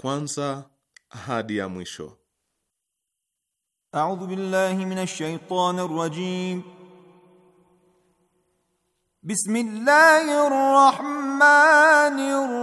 kwanza hadi ya mwisho. A'udhu billahi minash shaitanir rajim. Bismillahir rahmanir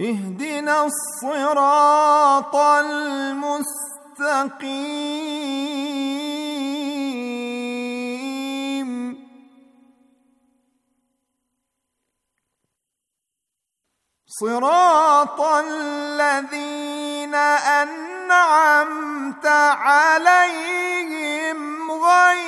اهدنا الصراط المستقيم صراط الذين انعمت عليهم غير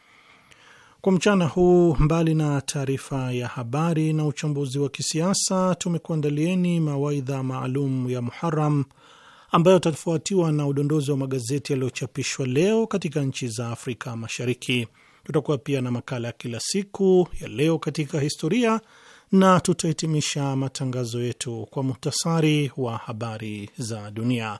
Kwa mchana huu, mbali na taarifa ya habari na uchambuzi wa kisiasa, tumekuandalieni mawaidha maalum ya Muharam ambayo atafuatiwa na udondozi wa magazeti yaliyochapishwa leo katika nchi za Afrika Mashariki. Tutakuwa pia na makala ya kila siku ya leo katika historia na tutahitimisha matangazo yetu kwa muhtasari wa habari za dunia.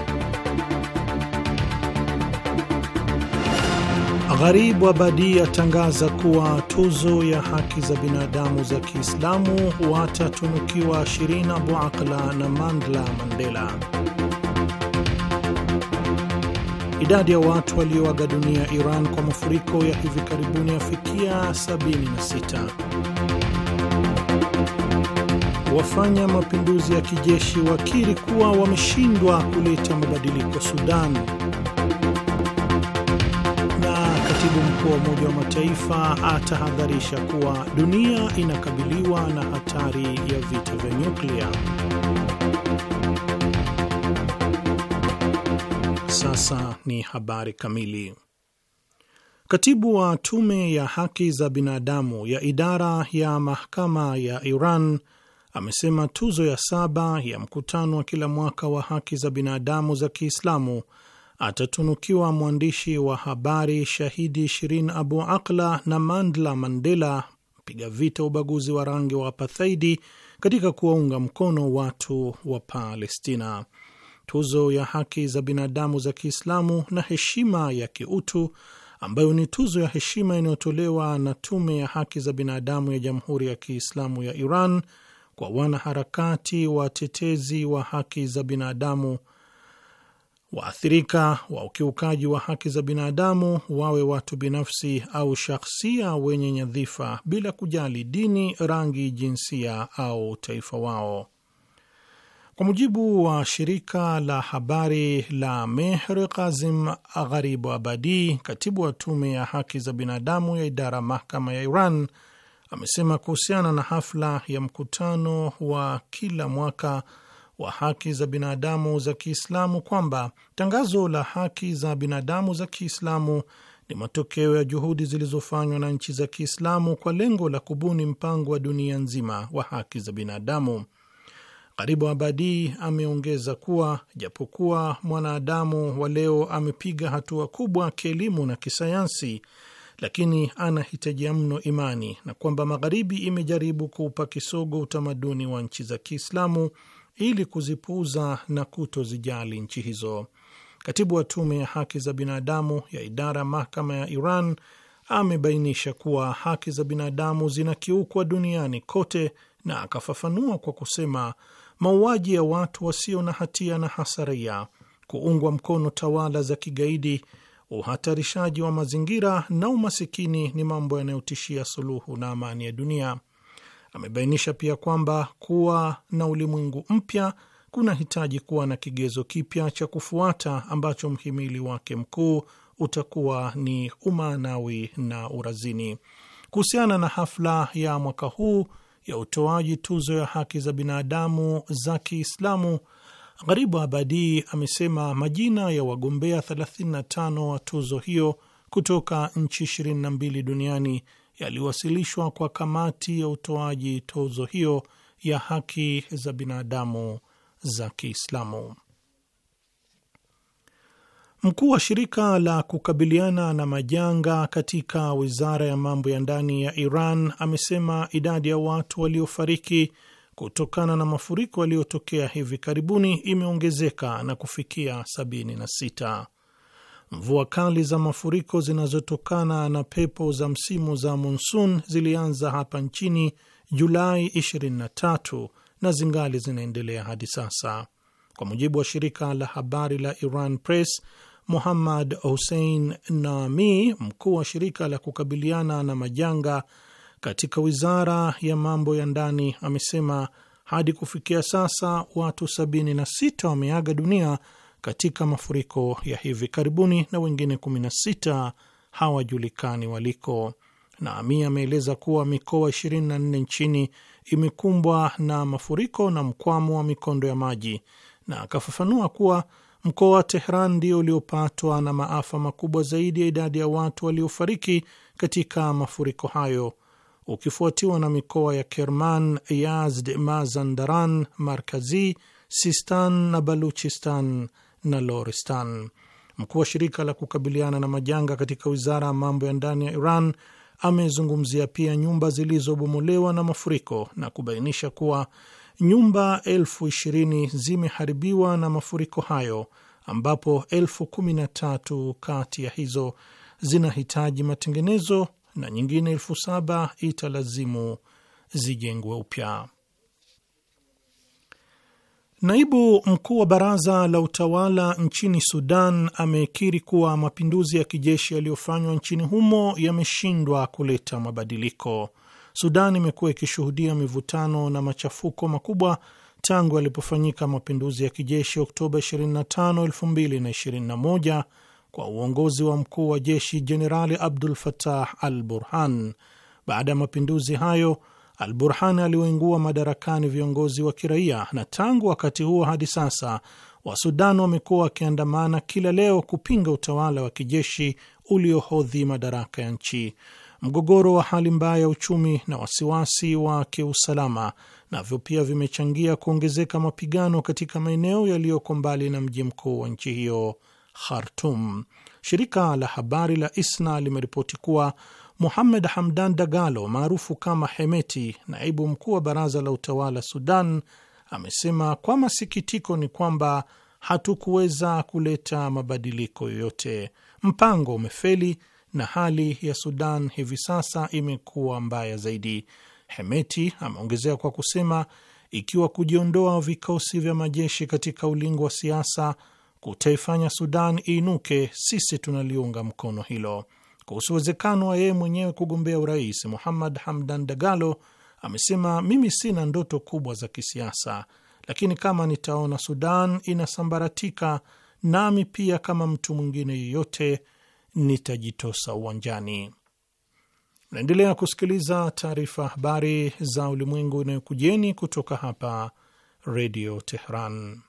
gharibu abadi atangaza tangaza kuwa tuzo ya haki za binadamu za Kiislamu watatunukiwa Shirin Abu Akla na Mandla Mandela. Idadi ya watu walioaga dunia Iran kwa mafuriko ya hivi karibuni yafikia 76. Wafanya mapinduzi ya kijeshi wakiri kuwa wameshindwa kuleta mabadiliko Sudan. Katibu mkuu wa Umoja wa Mataifa atahadharisha kuwa dunia inakabiliwa na hatari ya vita vya nyuklia. Sasa ni habari kamili. Katibu wa tume ya haki za binadamu ya idara ya mahakama ya Iran amesema tuzo ya saba ya mkutano wa kila mwaka wa haki za binadamu za Kiislamu atatunukiwa mwandishi wa habari shahidi Shirin Abu Akla na Mandla Mandela, mpiga vita ubaguzi wa rangi wa apathaidi katika kuwaunga mkono watu wa Palestina. Tuzo ya haki za binadamu za Kiislamu na heshima ya kiutu ambayo ni tuzo ya heshima inayotolewa na Tume ya Haki za Binadamu ya Jamhuri ya Kiislamu ya Iran kwa wanaharakati watetezi wa haki za binadamu waathirika wa ukiukaji wa haki za binadamu wawe watu binafsi au shakhsia wenye nyadhifa, bila kujali dini, rangi, jinsia au taifa wao. Kwa mujibu wa shirika la habari la Mehr, Kazim Gharibu Abadi, katibu wa tume ya haki za binadamu ya idara mahkama ya Iran, amesema kuhusiana na hafla ya mkutano wa kila mwaka wa haki za binadamu za Kiislamu kwamba tangazo la haki za binadamu za Kiislamu ni matokeo ya juhudi zilizofanywa na nchi za Kiislamu kwa lengo la kubuni mpango wa dunia nzima wa haki za binadamu. Gharibu Abadi ameongeza kuwa japokuwa mwanadamu wa leo amepiga hatua kubwa kielimu na kisayansi, lakini anahitajia mno imani na kwamba Magharibi imejaribu kuupa kisogo utamaduni wa nchi za Kiislamu ili kuzipuuza na kutozijali nchi hizo. Katibu wa tume ya haki za binadamu ya idara mahkama mahakama ya Iran amebainisha kuwa haki za binadamu zinakiukwa duniani kote, na akafafanua kwa kusema mauaji ya watu wasio na hatia na hasa raia, kuungwa mkono tawala za kigaidi, uhatarishaji wa mazingira na umasikini ni mambo yanayotishia suluhu na amani ya dunia. Amebainisha pia kwamba kuwa na ulimwengu mpya kunahitaji kuwa na kigezo kipya cha kufuata ambacho mhimili wake mkuu utakuwa ni umaanawi na urazini. Kuhusiana na hafla ya mwaka huu ya utoaji tuzo ya haki za binadamu za Kiislamu, Gharibu Abadi amesema majina ya wagombea 35 wa tuzo hiyo kutoka nchi 22 duniani yaliwasilishwa kwa kamati ya utoaji tozo hiyo ya haki za binadamu za Kiislamu. Mkuu wa shirika la kukabiliana na majanga katika wizara ya mambo ya ndani ya Iran amesema idadi ya watu waliofariki kutokana na mafuriko yaliyotokea hivi karibuni imeongezeka na kufikia 76. Mvua kali za mafuriko zinazotokana na pepo za msimu za monsun zilianza hapa nchini Julai 23 na zingali zinaendelea hadi sasa. Kwa mujibu wa shirika la habari la Iran Press, Muhammad Hussein Nami, mkuu wa shirika la kukabiliana na majanga katika wizara ya mambo ya ndani, amesema hadi kufikia sasa watu 76 wameaga dunia katika mafuriko ya hivi karibuni na wengine 16 hawajulikani waliko. Naami ameeleza kuwa mikoa 24 nchini imekumbwa na mafuriko na mkwamo wa mikondo ya maji, na akafafanua kuwa mkoa wa Tehran ndio uliopatwa na maafa makubwa zaidi ya idadi ya watu waliofariki katika mafuriko hayo ukifuatiwa na mikoa ya Kerman, Yazd, Mazandaran, Markazi, Sistan na Baluchistan na Lorestan. Mkuu wa shirika la kukabiliana na majanga katika wizara ya mambo ya ndani ya Iran amezungumzia pia nyumba zilizobomolewa na mafuriko na kubainisha kuwa nyumba elfu ishirini zimeharibiwa na mafuriko hayo ambapo elfu kumi na tatu kati ya hizo zinahitaji matengenezo na nyingine elfu saba italazimu zijengwe upya. Naibu mkuu wa baraza la utawala nchini Sudan amekiri kuwa mapinduzi ya kijeshi yaliyofanywa nchini humo yameshindwa kuleta mabadiliko. Sudan imekuwa ikishuhudia mivutano na machafuko makubwa tangu yalipofanyika mapinduzi ya kijeshi Oktoba 25, 2021 kwa uongozi wa mkuu wa jeshi Jenerali Abdul Fatah al Burhan. Baada ya mapinduzi hayo Al Burhan aliwaingua madarakani viongozi wa kiraia, na tangu wakati huo hadi sasa Wasudan wamekuwa wakiandamana kila leo kupinga utawala wa kijeshi uliohodhi madaraka ya nchi. Mgogoro wa hali mbaya ya uchumi na wasiwasi wa kiusalama navyo pia vimechangia kuongezeka mapigano katika maeneo yaliyoko mbali na mji mkuu wa nchi hiyo Khartum. Shirika la habari la ISNA limeripoti kuwa Muhammed Hamdan Dagalo maarufu kama Hemeti, naibu mkuu wa baraza la utawala Sudan, amesema kwa masikitiko ni kwamba hatukuweza kuleta mabadiliko yoyote. Mpango umefeli na hali ya Sudan hivi sasa imekuwa mbaya zaidi. Hemeti ameongezea kwa kusema, ikiwa kujiondoa vikosi vya majeshi katika ulingo wa siasa kutaifanya Sudan iinuke, sisi tunaliunga mkono hilo. Kuhusu uwezekano wa yeye mwenyewe kugombea urais, Muhammad Hamdan Dagalo amesema, mimi sina ndoto kubwa za kisiasa, lakini kama nitaona Sudan inasambaratika, nami pia kama mtu mwingine yeyote nitajitosa uwanjani. Naendelea kusikiliza taarifa habari za ulimwengu inayokujeni kutoka hapa Redio teheran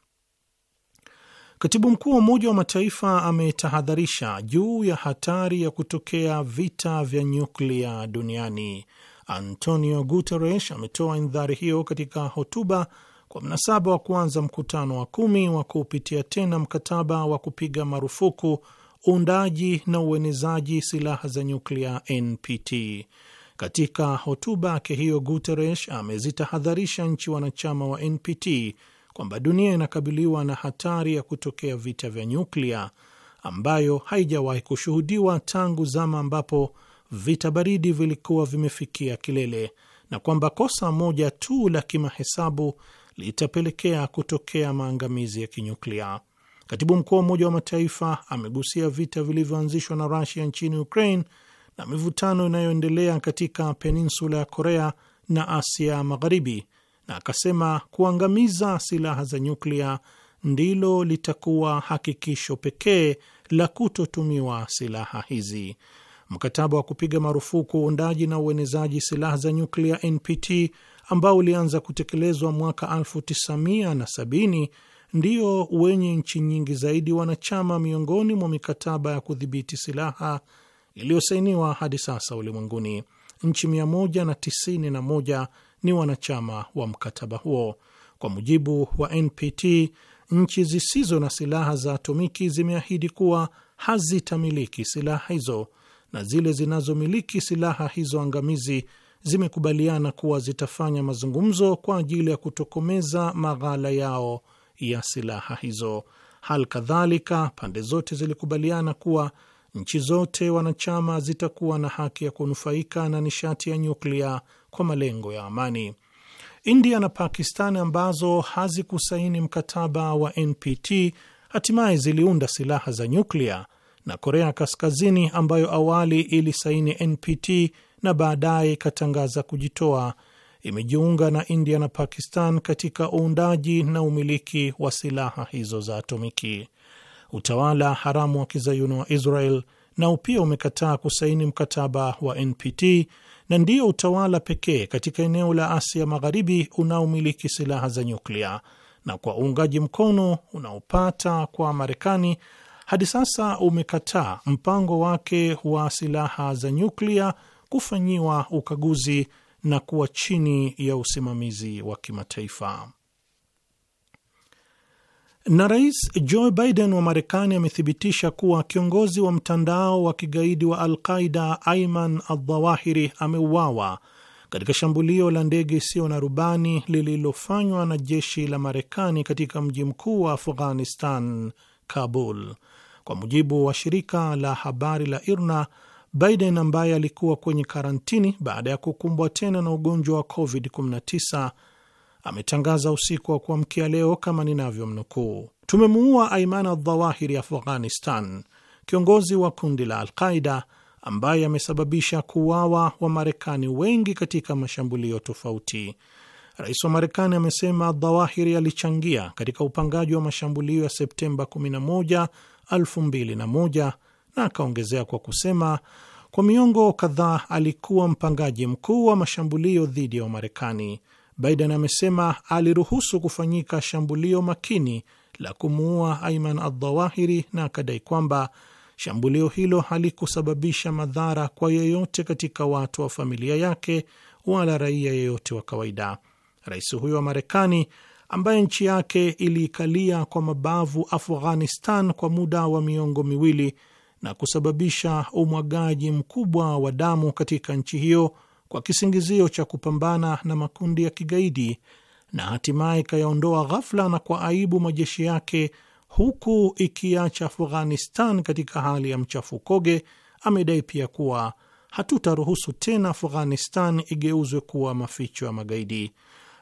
Katibu mkuu wa Umoja wa Mataifa ametahadharisha juu ya hatari ya kutokea vita vya nyuklia duniani. Antonio Guterres ametoa indhari hiyo katika hotuba kwa mnasaba wa kuanza mkutano wa kumi wa kupitia tena mkataba wa kupiga marufuku uundaji na uenezaji silaha za nyuklia NPT. Katika hotuba yake hiyo, Guterres amezitahadharisha nchi wanachama wa NPT kwamba dunia inakabiliwa na hatari ya kutokea vita vya nyuklia ambayo haijawahi kushuhudiwa tangu zama ambapo vita baridi vilikuwa vimefikia kilele na kwamba kosa moja tu la kimahesabu litapelekea kutokea maangamizi ya kinyuklia. Katibu mkuu wa Umoja wa Mataifa amegusia vita vilivyoanzishwa na Rusia nchini Ukraine na mivutano inayoendelea katika peninsula ya Korea na Asia Magharibi na akasema kuangamiza silaha za nyuklia ndilo litakuwa hakikisho pekee la kutotumiwa silaha hizi. Mkataba wa kupiga marufuku uundaji na uenezaji silaha za nyuklia NPT ambao ulianza kutekelezwa mwaka 1970 ndio wenye nchi nyingi zaidi wanachama miongoni mwa mikataba ya kudhibiti silaha iliyosainiwa hadi sasa ulimwenguni. Nchi 191 ni wanachama wa mkataba huo. Kwa mujibu wa NPT, nchi zisizo na silaha za atomiki zimeahidi kuwa hazitamiliki silaha hizo, na zile zinazomiliki silaha hizo angamizi zimekubaliana kuwa zitafanya mazungumzo kwa ajili ya kutokomeza maghala yao ya silaha hizo. Hal kadhalika, pande zote zilikubaliana kuwa nchi zote wanachama zitakuwa na haki ya kunufaika na nishati ya nyuklia kwa malengo ya amani. India na Pakistan ambazo hazikusaini mkataba wa NPT hatimaye ziliunda silaha za nyuklia na Korea Kaskazini ambayo awali ilisaini NPT na baadaye ikatangaza kujitoa imejiunga na India na Pakistan katika uundaji na umiliki wa silaha hizo za atomiki. Utawala haramu wa kizayuni wa Israel nao pia umekataa kusaini mkataba wa NPT na ndio utawala pekee katika eneo la Asia Magharibi unaomiliki silaha za nyuklia, na kwa uungaji mkono unaopata kwa Marekani hadi sasa umekataa mpango wake wa silaha za nyuklia kufanyiwa ukaguzi na kuwa chini ya usimamizi wa kimataifa. Na Rais Joe Biden wa Marekani amethibitisha kuwa kiongozi wa mtandao wa kigaidi wa Alqaida Aiman aldhawahiri ameuawa katika shambulio la ndege isiyo na rubani lililofanywa na jeshi la Marekani katika mji mkuu wa Afghanistan, Kabul, kwa mujibu wa shirika la habari la IRNA. Biden ambaye alikuwa kwenye karantini baada ya kukumbwa tena na ugonjwa wa COVID-19 ametangaza usiku wa kuamkia leo kama ninavyomnukuu: tumemuua Aiman Aldhawahiri Afghanistan, kiongozi wa kundi la Alqaida ambaye amesababisha kuuawa Wamarekani wengi katika mashambulio tofauti. Rais wa Marekani amesema dhawahiri alichangia katika upangaji wa mashambulio ya Septemba 11, 2001 na akaongezea kwa kusema kwa miongo kadhaa alikuwa mpangaji mkuu wa mashambulio dhidi ya Wamarekani Biden amesema aliruhusu kufanyika shambulio makini la kumuua Aiman Adhawahiri na akadai kwamba shambulio hilo halikusababisha madhara kwa yeyote katika watu wa familia yake wala raia yeyote wa kawaida. Rais huyo wa Marekani ambaye nchi yake iliikalia kwa mabavu Afghanistan kwa muda wa miongo miwili na kusababisha umwagaji mkubwa wa damu katika nchi hiyo kwa kisingizio cha kupambana na makundi ya kigaidi na hatimaye ikayaondoa ghafla na kwa aibu majeshi yake huku ikiacha Afghanistan katika hali ya mchafukoge. Amedai pia kuwa hatutaruhusu tena Afghanistan igeuzwe kuwa maficho ya magaidi.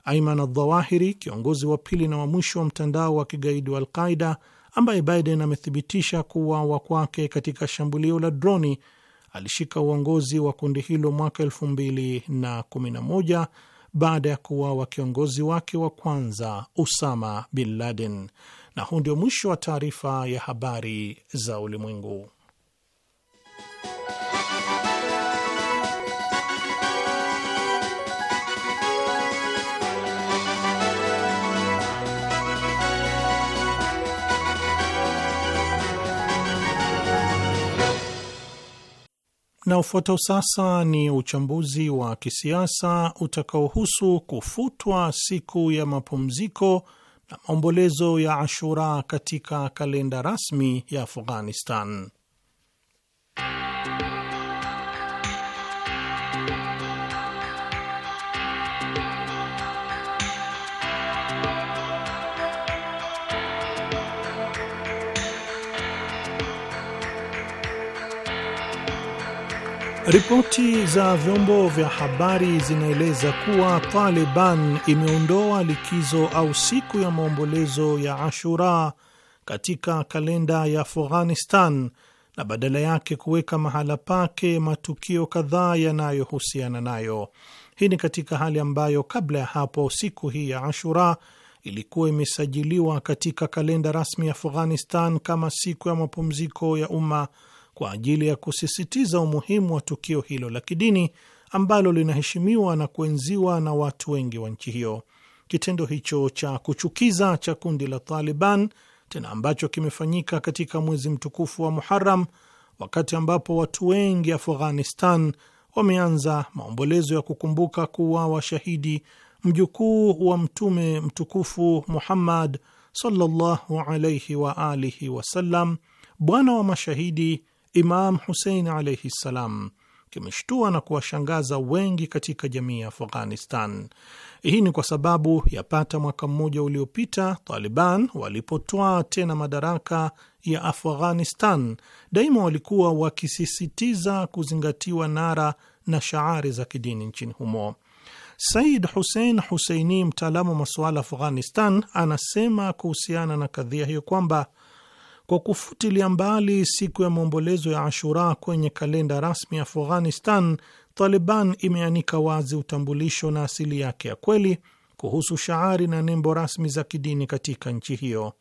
Aiman Adhawahiri, kiongozi wa pili na wa mwisho wa mtandao wa kigaidi wa Alqaida ambaye Biden amethibitisha kuwawa kwake katika shambulio la droni alishika uongozi wa kundi hilo mwaka moja baada ya kuwawa kiongozi wake wa kwanza Usama bin Laden. Na huu ndio mwisho wa taarifa ya habari za ulimwengu. Na ufuatao sasa ni uchambuzi wa kisiasa utakaohusu kufutwa siku ya mapumziko na maombolezo ya Ashura katika kalenda rasmi ya Afghanistan. Ripoti za vyombo vya habari zinaeleza kuwa Taliban imeondoa likizo au siku ya maombolezo ya Ashura katika kalenda ya Afghanistan na badala yake kuweka mahala pake matukio kadhaa yanayohusiana nayo. Hii ni katika hali ambayo kabla ya hapo siku hii ya Ashura ilikuwa imesajiliwa katika kalenda rasmi ya Afghanistan kama siku ya mapumziko ya umma kwa ajili ya kusisitiza umuhimu wa tukio hilo la kidini ambalo linaheshimiwa na kuenziwa na watu wengi wa nchi hiyo. Kitendo hicho cha kuchukiza cha kundi la Taliban tena ambacho kimefanyika katika mwezi mtukufu wa Muharam, wakati ambapo watu wengi Afghanistan wameanza maombolezo ya kukumbuka kuwa washahidi mjukuu wa Mtume mtukufu Muhammad sallallahu alaihi wa alihi wasallam, bwana wa mashahidi Imam Husein alaihi ssalam kimeshtua na kuwashangaza wengi katika jamii ya Afghanistan. Hii ni kwa sababu yapata mwaka mmoja uliopita Taliban walipotwaa tena madaraka ya Afghanistan, daima walikuwa wakisisitiza kuzingatiwa nara na shaari za kidini nchini humo. Said Hussein Huseini, mtaalamu wa masuala Afghanistan, anasema kuhusiana na kadhia hiyo kwamba kwa kufutilia mbali siku ya maombolezo ya Ashura kwenye kalenda rasmi ya Afghanistan, Taliban imeanika wazi utambulisho na asili yake ya kweli kuhusu shaari na nembo rasmi za kidini katika nchi hiyo,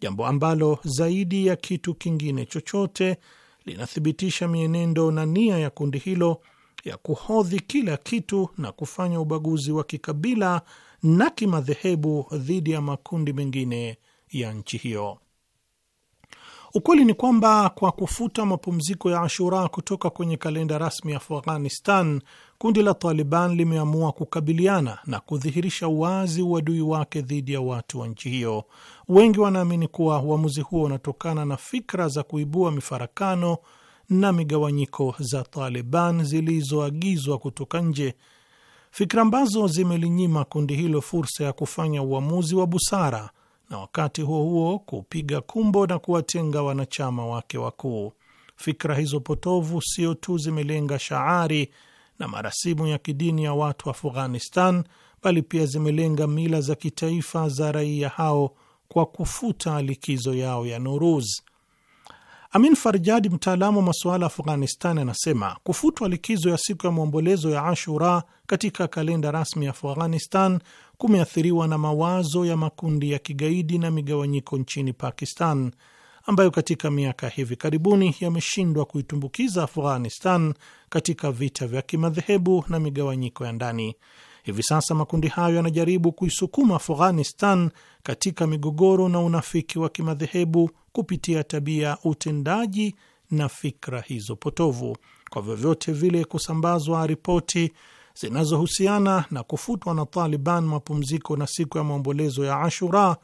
jambo ambalo zaidi ya kitu kingine chochote linathibitisha mienendo na nia ya kundi hilo ya kuhodhi kila kitu na kufanya ubaguzi wa kikabila na kimadhehebu dhidi ya makundi mengine ya nchi hiyo. Ukweli ni kwamba kwa kufuta mapumziko ya Ashura kutoka kwenye kalenda rasmi ya Afghanistan, kundi la Taliban limeamua kukabiliana na kudhihirisha wazi uadui wake dhidi ya watu wa nchi hiyo. Wengi wanaamini kuwa uamuzi huo unatokana na fikra za kuibua mifarakano na migawanyiko za Taliban zilizoagizwa kutoka nje, fikra ambazo zimelinyima kundi hilo fursa ya kufanya uamuzi wa busara na wakati huo huo kupiga kumbo na kuwatenga wanachama wake wakuu. Fikra hizo potovu sio tu zimelenga shaari na marasimu ya kidini ya watu Afghanistan, bali pia zimelenga mila za kitaifa za raia hao kwa kufuta likizo yao ya Nuruz. Amin Farjadi, mtaalamu wa masuala ya Afghanistan, anasema kufutwa likizo ya siku ya maombolezo ya Ashura katika kalenda rasmi ya Afghanistan kumeathiriwa na mawazo ya makundi ya kigaidi na migawanyiko nchini Pakistan ambayo katika miaka hivi karibuni yameshindwa kuitumbukiza Afghanistan katika vita vya kimadhehebu na migawanyiko ya ndani. Hivi sasa makundi hayo yanajaribu kuisukuma Afghanistan katika migogoro na unafiki wa kimadhehebu kupitia tabia, utendaji na fikra hizo potovu. Kwa vyovyote vile, kusambazwa ripoti zinazohusiana na kufutwa na Taliban mapumziko na siku ya maombolezo ya Ashura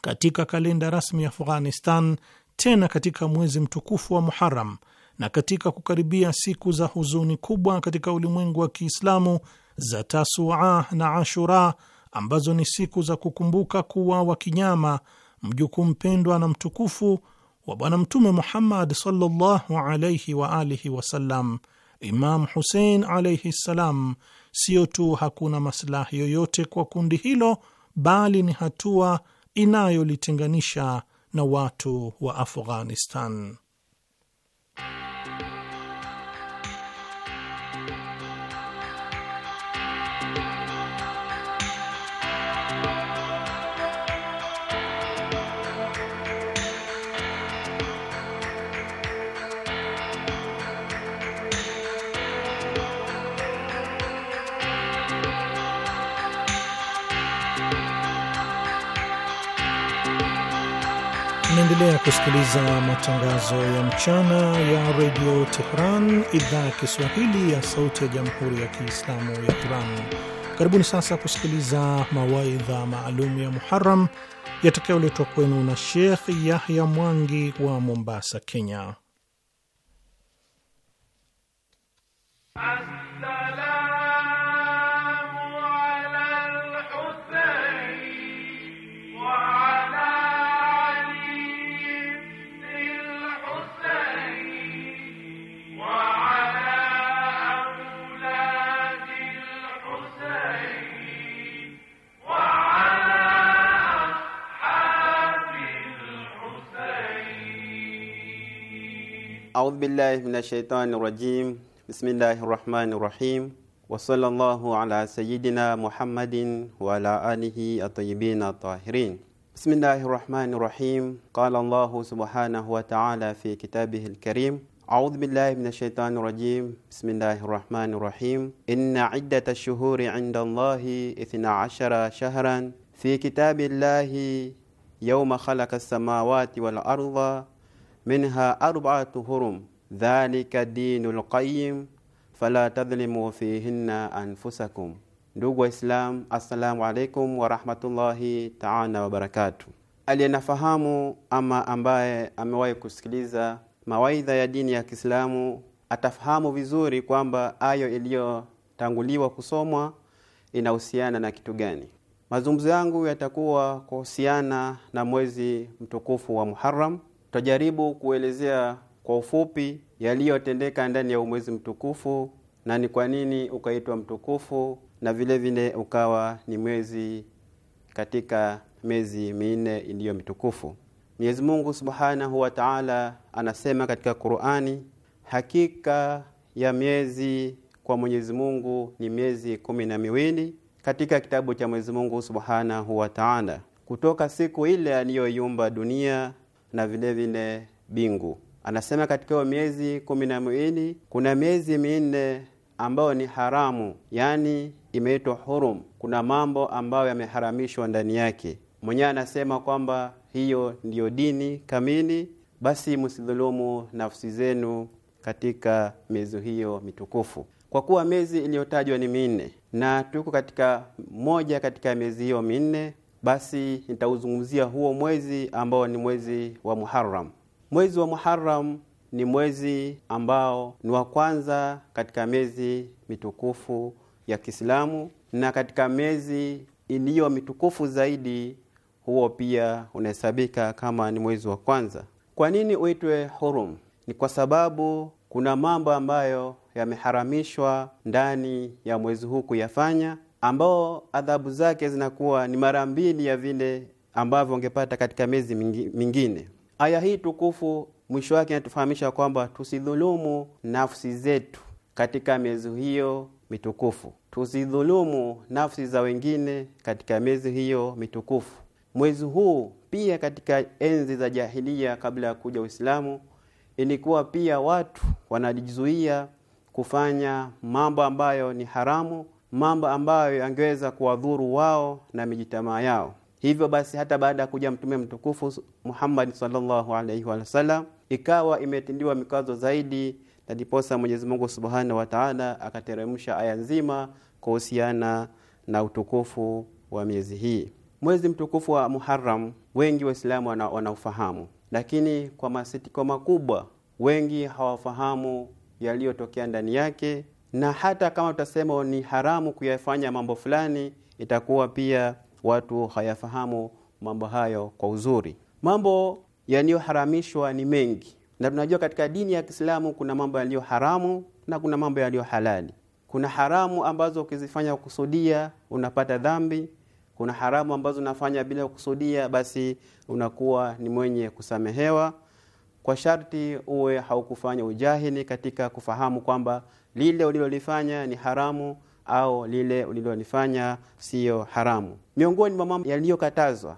katika kalenda rasmi ya Afghanistan, tena katika mwezi mtukufu wa Muharam na katika kukaribia siku za huzuni kubwa katika ulimwengu wa Kiislamu za Tasua na Ashura ambazo ni siku za kukumbuka kuwa wa kinyama mjukuu mpendwa na mtukufu wa Bwana Mtume Muhammad sallallahu alaihi wa alihi wasallam, Imam Husein alaihi ssalam, sio tu hakuna maslahi yoyote kwa kundi hilo, bali ni hatua inayolitenganisha na watu wa Afghanistan. Naendelea kusikiliza matangazo ya mchana ya redio Tehran, idhaa ya Kiswahili ya sauti ya jamhuri ya kiislamu ya Iran. Karibuni sasa kusikiliza mawaidha maalum ya Muharam yatakayoletwa kwenu na Shekh Yahya Mwangi wa Mombasa, Kenya. أعوذ بالله من الشيطان الرجيم بسم الله الرحمن الرحيم وصلى الله على سيدنا محمد وعلى آله الطيبين الطاهرين بسم الله الرحمن الرحيم قال الله سبحانه وتعالى في كتابه الكريم أعوذ بالله من الشيطان الرجيم بسم الله الرحمن الرحيم إن عدة الشهور عند الله إثنى عشر شهرا في كتاب الله يوم خلق السماوات والأرض minha arba'atu hurum dhalika dinul qayyim fala tadhlimu fihinna anfusakum. Ndugu Waislamu, assalamu alaikum warahmatullahi taala wabarakatu. Aliyenafahamu ama ambaye amewahi kusikiliza mawaidha ya dini ya Kiislamu atafahamu vizuri kwamba ayo iliyotanguliwa kusomwa inahusiana na kitu gani. Mazungumzo yangu yatakuwa kuhusiana na mwezi mtukufu wa Muharram tutajaribu kuelezea kwa ufupi yaliyotendeka ndani ya umwezi mtukufu na ni kwa nini ukaitwa mtukufu na vile vile ukawa ni mwezi katika miezi minne iliyo mitukufu. Mwenyezi Mungu Subhanahu wa Ta'ala anasema katika Qur'ani, hakika ya miezi kwa Mwenyezi Mungu ni miezi kumi na miwili katika kitabu cha Mwenyezi Mungu Subhanahu wa Ta'ala, kutoka siku ile aliyoiumba dunia na vilevile bingu. Anasema katika hiyo miezi kumi na miwili kuna miezi minne ambayo ni haramu, yani imeitwa hurum. Kuna mambo ambayo yameharamishwa ndani yake. Mwenyewe anasema kwamba hiyo ndiyo dini kamili, basi msidhulumu nafsi zenu katika miezi hiyo mitukufu, kwa kuwa miezi iliyotajwa ni minne na tuko katika moja katika miezi hiyo minne basi nitauzungumzia huo mwezi ambao ni mwezi wa Muharram. Mwezi wa Muharram ni mwezi ambao ni wa kwanza katika miezi mitukufu ya Kiislamu, na katika miezi iliyo mitukufu zaidi, huo pia unahesabika kama ni mwezi wa kwanza. Kwa nini uitwe hurum? Ni kwa sababu kuna mambo ambayo yameharamishwa ndani ya mwezi huu kuyafanya ambao adhabu zake zinakuwa ni mara mbili ya vile ambavyo ungepata katika miezi mingine. Aya hii tukufu mwisho wake inatufahamisha kwamba tusidhulumu nafsi zetu katika miezi hiyo mitukufu, tusidhulumu nafsi za wengine katika miezi hiyo mitukufu. Mwezi huu pia, katika enzi za jahilia, kabla ya kuja Uislamu, ilikuwa pia watu wanajizuia kufanya mambo ambayo ni haramu mambo ambayo yangeweza kuwadhuru wao na mijitamaa yao. Hivyo basi hata baada ya kuja mtume mtukufu Muhammad sallallahu alaihi wasallam, ikawa imetindiwa mikazo zaidi, na ndiposa Mwenyezi Mungu subhanahu wa taala akateremsha aya nzima kuhusiana na utukufu wa miezi hii. Mwezi mtukufu wa Muharram wengi Waislamu wanaufahamu, lakini kwa masitiko makubwa wengi hawafahamu yaliyotokea ndani yake na hata kama tutasema ni haramu kuyafanya mambo fulani, itakuwa pia watu hayafahamu mambo hayo kwa uzuri. Mambo yaliyoharamishwa ni mengi, na tunajua katika dini ya Kiislamu kuna mambo yaliyo haramu na kuna mambo yaliyo halali. Kuna haramu ambazo ukizifanya kusudia unapata dhambi. Kuna haramu ambazo unafanya bila kusudia basi unakuwa ni mwenye kusamehewa, kwa sharti uwe haukufanya ujahili katika kufahamu kwamba lile ulilolifanya ni haramu au lile ulilolifanya siyo haramu. Miongoni mwa mambo yaliyokatazwa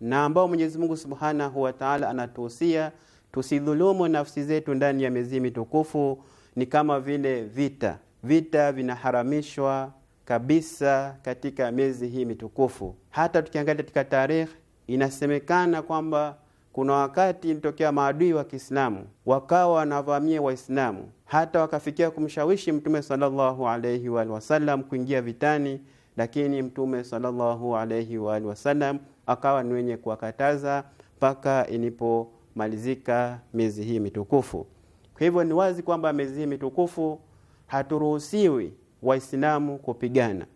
na ambao Mwenyezi Mungu Subhanahu wa Ta'ala anatuhusia tusidhulumu nafsi zetu ndani ya miezi mitukufu ni kama vile vita. Vita vinaharamishwa kabisa katika miezi hii mitukufu. Hata tukiangalia katika tarehe, inasemekana kwamba kuna wakati ilitokea maadui wa Kiislamu wakawa wanavamia Waislamu hata wakafikia kumshawishi Mtume sallallahu alayhi wa sallam kuingia vitani, lakini Mtume sallallahu alayhi wa sallam akawa ni wenye kuwakataza mpaka inipomalizika miezi hii mitukufu. Kwa hivyo ni wazi kwamba miezi hii mitukufu haturuhusiwi Waislamu kupigana,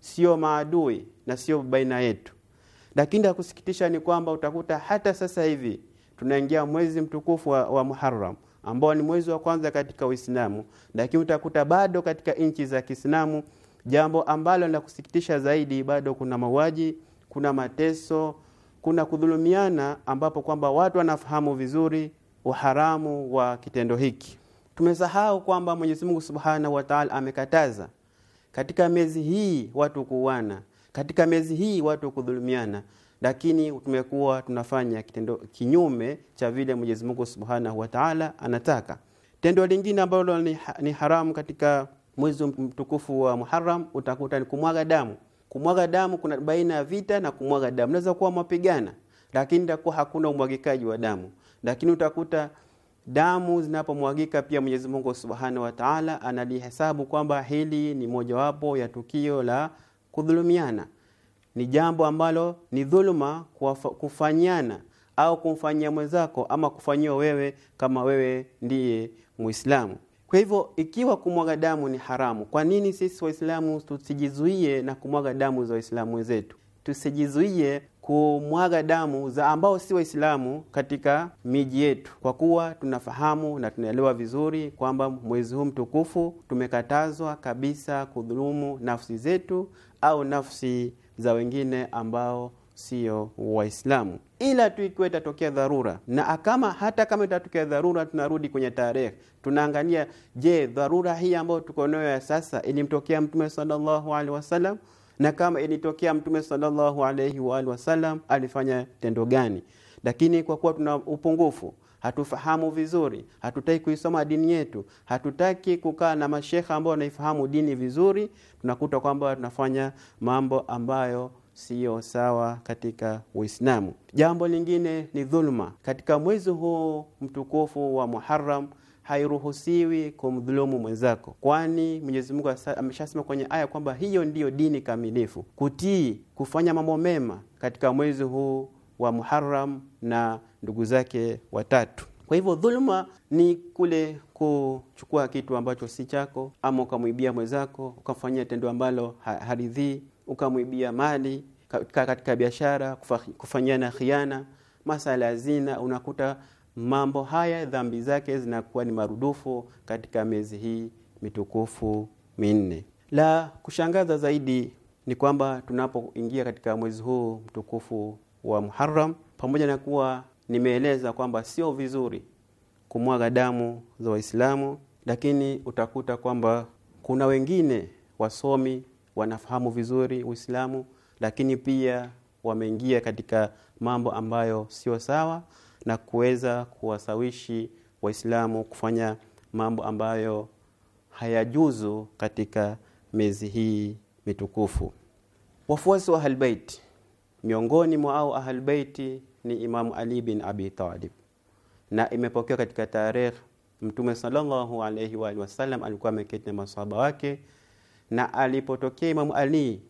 sio maadui na sio baina yetu. Lakini la kusikitisha ni kwamba utakuta hata sasa hivi tunaingia mwezi mtukufu wa, wa Muharram ambao ni mwezi wa kwanza katika Uislamu, lakini utakuta bado katika nchi za Kiislamu, jambo ambalo la kusikitisha zaidi, bado kuna mauaji, kuna mateso, kuna kudhulumiana, ambapo kwamba watu wanafahamu vizuri uharamu wa kitendo hiki. Tumesahau kwamba Mwenyezi Mungu Subhanahu wa Ta'ala amekataza katika miezi hii watu kuuana, katika miezi hii watu kudhulumiana lakini tumekuwa tunafanya kitendo kinyume cha vile Mwenyezi Mungu Subhanahu wa Ta'ala anataka. Tendo lingine ambalo ni, ni haramu katika mwezi mtukufu wa Muharram utakuta ni kumwaga damu. Kumwaga damu kuna baina ya vita na kumwaga damu, unaweza kuwa mapigana, lakini itakuwa hakuna umwagikaji wa damu, lakini utakuta damu zinapomwagika pia Mwenyezi Mungu Subhanahu wa Ta'ala analihesabu kwamba hili ni mojawapo ya tukio la kudhulumiana ni jambo ambalo ni dhuluma kufanyana au kumfanyia mwenzako ama kufanyiwa wewe kama wewe ndiye Muislamu. Kwa hivyo ikiwa kumwaga damu ni haramu, kwa nini sisi Waislamu tusijizuie na kumwaga damu za Waislamu wenzetu? Tusijizuie kumwaga damu za ambao si Waislamu katika miji yetu, kwa kuwa tunafahamu na tunaelewa vizuri kwamba mwezi huu mtukufu tumekatazwa kabisa kudhulumu nafsi zetu au nafsi za wengine ambao sio Waislamu, ila tu ikiwa itatokea dharura, na kama hata kama itatokea dharura, tunarudi kwenye tarehe, tunaangalia, je, dharura hii ambayo tuko nayo ya sasa ilimtokea Mtume sallallahu alaihi wasallam? Na kama ilitokea Mtume sallallahu alaihi wa alihi wasallam, alifanya tendo gani? Lakini kwa kuwa tuna upungufu hatufahamu vizuri, hatutaki kuisoma dini yetu, hatutaki kukaa na mashekha ambao wanaifahamu dini vizuri, tunakuta kwamba tunafanya mambo ambayo siyo sawa katika Uislamu. Jambo lingine ni dhuluma. Katika mwezi huu mtukufu wa Muharram hairuhusiwi kumdhulumu mwenzako, kwani Mwenyezi Mungu ameshasema kwenye aya kwamba hiyo ndiyo dini kamilifu, kutii, kufanya mambo mema katika mwezi huu wa Muharram na ndugu zake watatu. Kwa hivyo dhuluma ni kule kuchukua kitu ambacho si chako, ama ukamwibia mwenzako, ukamfanyia tendo ambalo haridhii, ukamwibia mali katika biashara, na khiana, masala ya zina. Unakuta mambo haya, dhambi zake zinakuwa ni marudufu katika miezi hii mitukufu minne. La kushangaza zaidi ni kwamba tunapoingia katika mwezi huu mtukufu wa Muharram, pamoja na kuwa nimeeleza kwamba sio vizuri kumwaga damu za Waislamu, lakini utakuta kwamba kuna wengine wasomi wanafahamu vizuri Uislamu, lakini pia wameingia katika mambo ambayo sio sawa na kuweza kuwasawishi Waislamu kufanya mambo ambayo hayajuzu katika miezi hii mitukufu. Wafuasi wa Ahlulbayt miongoni mwa au ahlbeiti ni Imamu Ali bin Abi Talib, na imepokewa katika tarehe Mtume sallallahu alayhi wa sallam alikuwa ameketi na masahaba wake, na alipotokea Imamu Ali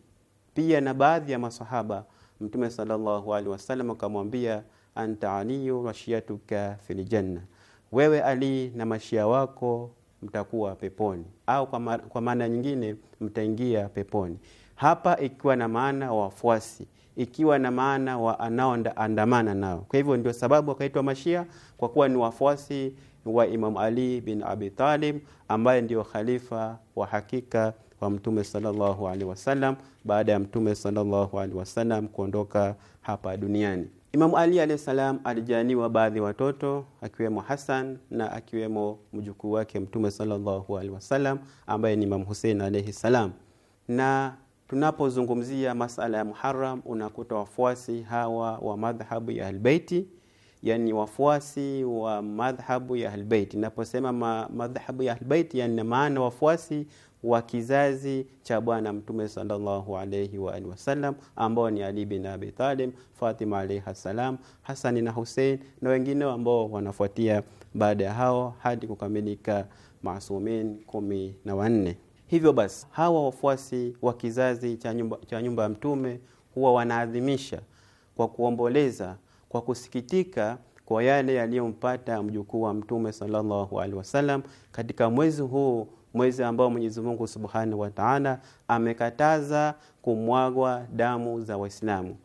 pia na baadhi ya masahaba, Mtume sallallahu alayhi sallam akamwambia, anta aliyu washiatuka fil janna, wewe Ali na mashia wako mtakuwa peponi, au kwa maana nyingine mtaingia peponi. Hapa ikiwa na maana wafuasi ikiwa na maana wa anaoandamana nao. Kwa hivyo ndio sababu wakaitwa Mashia, kwa kuwa ni wafuasi wa Imam Ali bin Abi Talib ambaye ndio khalifa wa hakika wa Mtume sallallahu alaihi wasallam baada ya Mtume sallallahu alaihi wasallam kuondoka hapa duniani. Imam Ali alayhi salam alijaniwa baadhi watoto akiwemo Hassan na akiwemo mjukuu wake Mtume sallallahu alaihi wasallam ambaye ni Imam Hussein alayhi salam na tunapozungumzia masala ya Muharram unakuta wafuasi hawa wa madhhabu ya Ahlbeiti, yani wafuasi wa madhhabu ya Ahlbeiti. Naposema ma madhhabu ya Ahlbeiti, yani maana wafuasi wa kizazi cha Bwana Mtume sallallahu alayhi wa alihi wasallam ambao ni Ali bin Abi Talib, Fatima alayha salam, Hasani na Hussein na wengine ambao wanafuatia baada ya hao hadi kukamilika masumin kumi na wanne. Hivyo basi hawa wafuasi wa kizazi cha nyumba, cha nyumba ya Mtume huwa wanaadhimisha kwa kuomboleza, kwa kusikitika kwa yale yaliyompata mjukuu wa Mtume sallallahu alaihi wasallam katika mwezi huu, mwezi ambao Mwenyezi Mungu Subhanahu wa Ta'ala amekataza kumwagwa damu za Waislamu,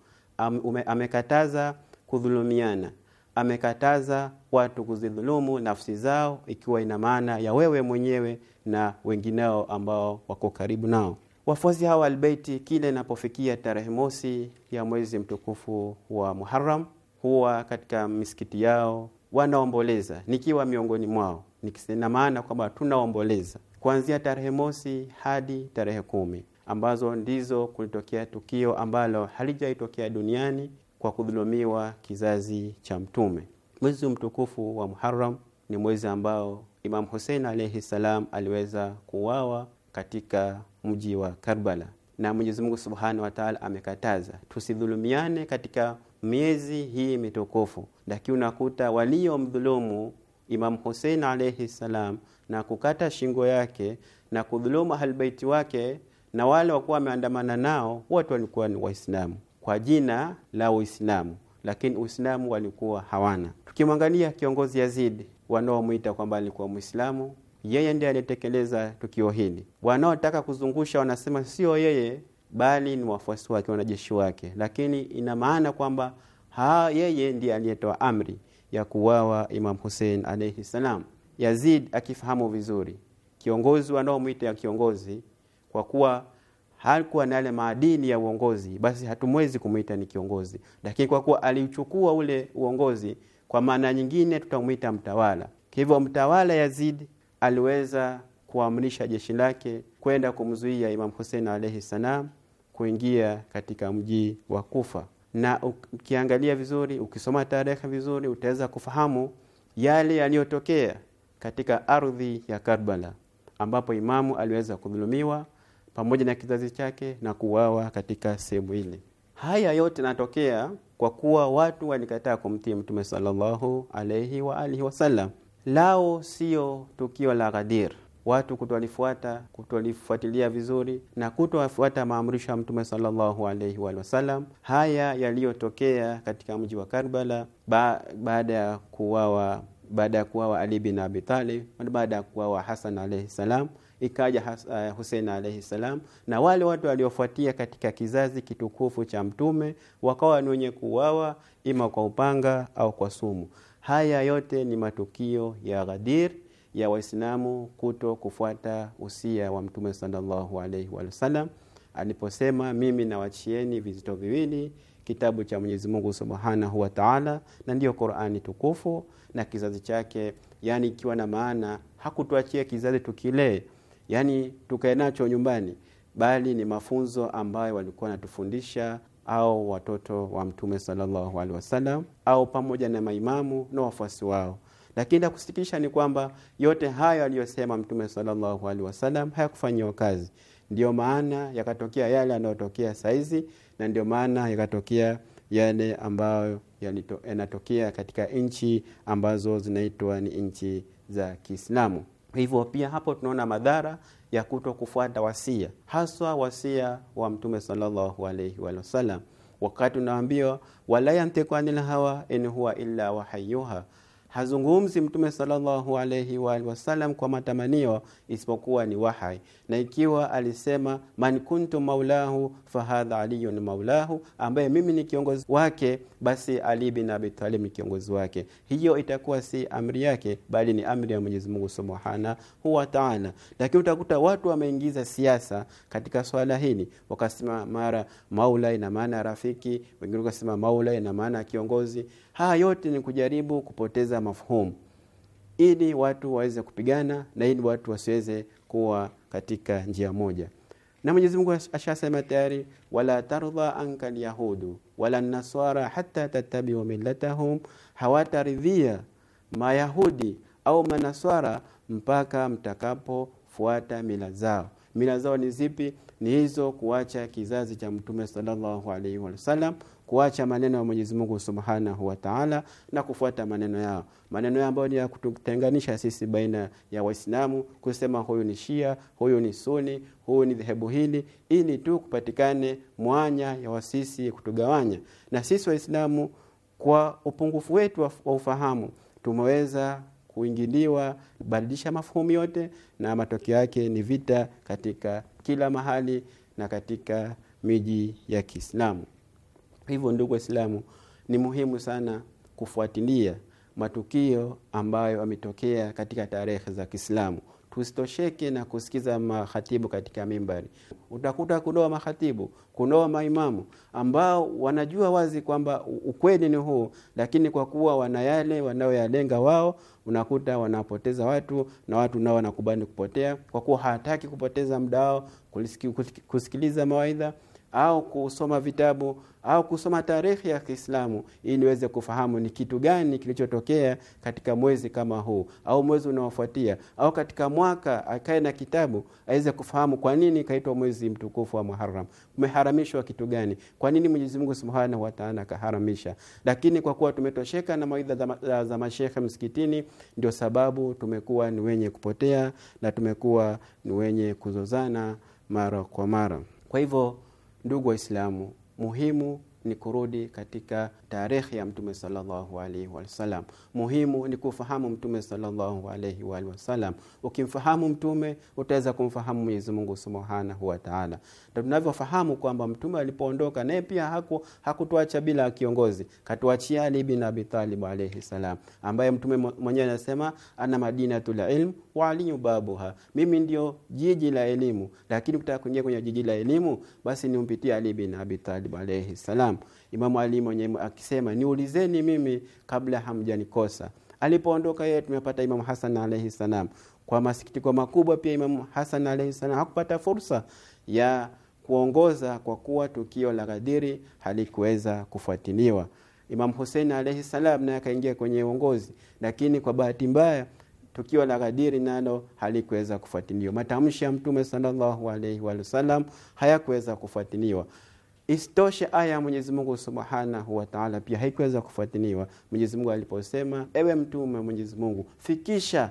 amekataza kudhulumiana amekataza watu kuzidhulumu nafsi zao, ikiwa ina maana ya wewe mwenyewe na wengineo ambao wako karibu nao. Wafuasi hawa Albeiti, kila inapofikia tarehe mosi ya mwezi mtukufu wa Muharram, huwa katika misikiti yao wanaomboleza, nikiwa miongoni mwao, na maana kwamba tunaomboleza kuanzia tarehe mosi hadi tarehe kumi ambazo ndizo kulitokea tukio ambalo halijaitokea duniani kwa kudhulumiwa kizazi cha Mtume. Mwezi mtukufu wa Muharram ni mwezi ambao Imam Hussein alayhi salam aliweza kuuawa katika mji wa Karbala, na Mwenyezi Mungu Subhanahu wa Ta'ala amekataza tusidhulumiane katika miezi hii mitukufu, lakini unakuta waliomdhulumu Imam Hussein alayhi salam na kukata shingo yake na kudhulumu ahlbeiti wake na wale wakuwa wameandamana nao wote walikuwa ni Waislamu kwa jina la Uislamu, lakini Uislamu walikuwa hawana. Tukimwangalia kiongozi Yazid wanaomwita kwamba alikuwa Mwislamu, yeye ndiye aliyetekeleza tukio hili. Wanaotaka kuzungusha wanasema sio yeye, bali ni wafuasi wake, wanajeshi wake, lakini ina maana kwamba ha yeye ndiye aliyetoa amri ya kuwawa Imam Hussein alayhi salam. Yazid akifahamu vizuri kiongozi wanaomwita ya kiongozi, kwa kuwa hakuwa na yale maadili ya uongozi, basi hatumwezi kumwita ni kiongozi. Lakini kwa kuwa aliuchukua ule uongozi, kwa maana nyingine tutamwita mtawala. Hivyo mtawala Yazid aliweza kuamrisha jeshi lake kwenda kumzuia Imam Hussein alayhi salam kuingia katika mji wa Kufa, na ukiangalia vizuri, ukisoma tarehe vizuri, utaweza kufahamu yale yaliyotokea katika ardhi ya Karbala ambapo imamu aliweza kudhulumiwa pamoja na kizazi chake na kuuawa katika sehemu ile. Haya yote natokea kwa kuwa watu walikataa kumtii Mtume sallallahu alaihi wa alihi wasallam. Lao sio tukio la Ghadir, watu kutolifuata, kutolifuatilia vizuri na kutowafuata maamrisho ya Mtume sallallahu alaihi wa wasallam, haya yaliyotokea katika mji wa Karbala ba baada ya kuuawa baada ya kuwawa Ali bin Abi Talib, baada ya kuwawa Hasan alaihi salam ikaja eh, Hussein alayhi salam na wale watu waliofuatia katika kizazi kitukufu cha mtume wakawa ni wenye kuuawa ima kwa upanga au kwa sumu. Haya yote ni matukio ya Ghadir ya Waislamu kuto kufuata usia wa mtume sallallahu alayhi wasallam aliposema, mimi nawachieni vizito viwili kitabu cha Mwenyezi Mungu Subhanahu wa Ta'ala, na ndiyo Qur'ani tukufu na kizazi chake, yani ikiwa na maana hakutuachia kizazi tukilee yaani tukae nacho nyumbani, bali ni mafunzo ambayo walikuwa wanatufundisha au watoto wa Mtume sallallahu alaihi wasallam au pamoja na maimamu na wafuasi wao. Lakini la kusikitisha ni kwamba yote hayo aliyosema Mtume sallallahu alaihi wasallam hayakufanyiwa kazi. Ndiyo maana yakatokea yale yanayotokea saizi, na ndio maana yakatokea yale ambayo yanatokea katika nchi ambazo zinaitwa ni nchi za Kiislamu. Hivyo pia hapo tunaona madhara ya kuto kufuata wasia, haswa wasia wa Mtume sallallahu alaihi sallam, wakati unaambiwa wala yantiku anil hawa in huwa illa wahayuha hazungumzi mtume sallallahu alaihi wa alihi wasallam kwa matamanio isipokuwa ni wahai na ikiwa alisema man kuntu maulahu fahadha aliyun maulahu ambaye mimi ni kiongozi wake basi ali bin abi talib ni kiongozi wake hiyo itakuwa si amri yake bali ni amri ya Mwenyezi Mungu subhanahu wa ta'ala lakini utakuta watu wameingiza siasa katika swala hili wakasema mara maula ina maana rafiki wengine wakasema maula ina maana kiongozi Haya yote ni kujaribu kupoteza mafhumu ili watu waweze kupigana na ili watu wasiweze kuwa katika njia moja. Na Mwenyezi Mungu ashasema tayari, wala tardha anka alyahudu wala naswara hata tattabiu millatahum, hawataridhia mayahudi au manaswara mpaka mtakapofuata mila zao. Mila zao ni zipi? Ni hizo, kuacha kizazi cha Mtume sallallahu alaihi wasallam kuacha maneno ya Mwenyezi Mungu Subhanahu wa Ta'ala na kufuata maneno yao, maneno yao ambayo ni ya kututenganisha sisi baina ya Waislamu, kusema huyu ni Shia, huyu ni Sunni, huyu ni dhehebu hili, ili tu kupatikane mwanya ya wasisi kutugawanya. Na sisi Waislamu kwa upungufu wetu wa ufahamu tumeweza kuingiliwa kubadilisha mafuhumu yote, na matokeo yake ni vita katika kila mahali na katika miji ya Kiislamu. Hivyo ndugu Waislamu, ni muhimu sana kufuatilia matukio ambayo yametokea katika tarehe za Kiislamu. Tusitosheke na kusikiza mahatibu katika mimbari. Utakuta kunoa mahatibu, kunoa maimamu ambao wanajua wazi kwamba ukweli ni huu, lakini kwa kuwa wana yale wanayoyalenga wao, unakuta wanapoteza watu na watu nao wanakubali kupotea, kwa kuwa hawataki kupoteza muda wao kusikiliza mawaidha au kusoma vitabu au kusoma tarehe ya Kiislamu ili niweze kufahamu ni kitu gani kilichotokea katika mwezi kama huu au mwezi unaofuatia au katika mwaka, akae na kitabu aweze kufahamu kwa nini kaitwa mwezi mtukufu wa Muharram, kumeharamishwa kitu gani, kwa nini Mwenyezi Mungu Subhanahu wa Ta'ala akaharamisha. Lakini kwa kuwa tumetosheka na mawaidha za, za mashehe msikitini, ndio sababu tumekuwa ni wenye kupotea na tumekuwa ni wenye kuzozana mara kwa mara. Kwa hivyo ndugu waislamu muhimu ni kurudi katika tarehe ya Mtume sallallahu alaihi wasallam. Muhimu ni kufahamu Mtume sallallahu alaihi wasallam. Ukimfahamu Mtume utaweza kumfahamu Mwenyezi Mungu subhanahu wa taala, na tunavyofahamu kwamba Mtume alipoondoka naye pia haku hakutuacha bila kiongozi, katuachia Ali bin Abi Talib alaihi salam, ambaye Mtume mwenyewe anasema ana madinatul ilm wa aliyu babuha, mimi ndio jiji la elimu, lakini ukitaka kuingia kwenye jiji la elimu, basi nimpitie Ali bin Abi Talib alaihi salam. Kiislamu Imamu Ali mwenyewe akisema, niulizeni mimi kabla hamjanikosa. Alipoondoka yeye, tumepata Imamu Hasan alaihi salam. Kwa masikitiko makubwa, pia Imamu Hasan alaihi salam hakupata fursa ya kuongoza kwa kuwa tukio la Ghadiri halikuweza kufuatiliwa. Imamu Husein alaihi salam naye akaingia kwenye uongozi, lakini kwa bahati mbaya tukio la Ghadiri nalo halikuweza kufuatiliwa. Matamshi ya Mtume sallallahu alaihi wasallam hayakuweza kufuatiliwa. Isitoshe, aya ya Mwenyezi Mungu Subhanahu wa Ta'ala pia haikuweza kufuatiliwa. Mwenyezi Mungu aliposema, ewe mtume wa Mwenyezi Mungu, fikisha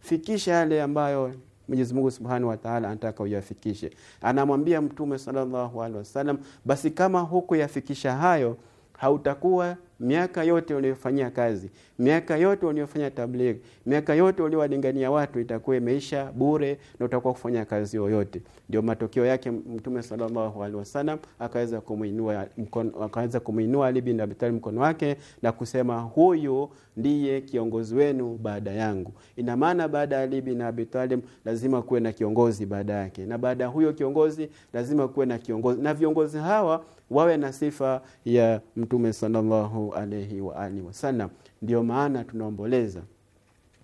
fikisha yale ambayo Mwenyezi Mungu Subhanahu wa Ta'ala anataka uyafikishe. Anamwambia mtume sallallahu alaihi wasallam, basi kama hukuyafikisha hayo hautakuwa miaka yote uliyofanyia kazi, miaka yote uliyofanya tablighi, miaka yote uliyowalingania watu itakuwa imeisha bure na utakuwa kufanya kazi yoyote. Ndio matokeo yake Mtume sallallahu alaihi wasallam akaweza kumuinua mkono, akaweza kumuinua Ali bin Abi Talib mkono wake na kusema, huyu ndiye kiongozi wenu baada yangu. Ina maana baada ya Ali bin Abi Talib lazima kuwe na kiongozi baada yake, na baada ya huyo kiongozi lazima kuwe na kiongozi, na viongozi hawa wawe na sifa ya mtume sallallahu alayhi wa alihi wasallam ndio maana tunaomboleza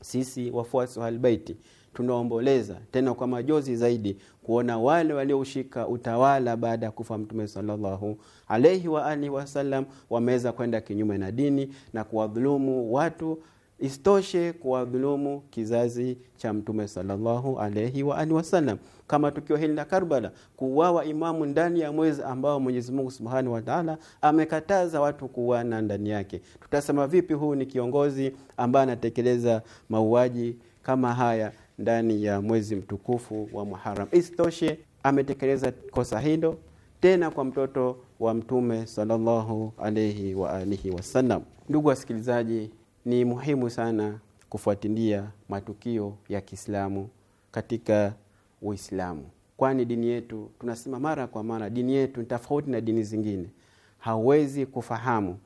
sisi wafuasi wa albaiti tunaomboleza tena kwa majozi zaidi kuona wale walioushika utawala baada ya kufa mtume sallallahu alaihi wa alihi wasallam wameweza kwenda kinyume na dini na kuwadhulumu watu Isitoshe kuwadhulumu kizazi cha Mtume sallallahu alayhi wa alihi wasallam, kama tukio hili la Karbala, kuuawa imamu ndani ya mwezi ambao Mwenyezi Mungu Subhanahu wa Ta'ala amekataza watu kuuana ndani yake. Tutasema vipi huu ni kiongozi ambaye anatekeleza mauaji kama haya ndani ya mwezi mtukufu wa Muharram? Isitoshe ametekeleza kosa hilo tena kwa mtoto wa Mtume sallallahu alayhi wa alihi wasallam. Ndugu wasikilizaji ni muhimu sana kufuatilia matukio ya Kiislamu katika Uislamu, kwani dini yetu tunasema mara kwa mara, dini yetu ni tofauti na dini zingine. Hauwezi kufahamu,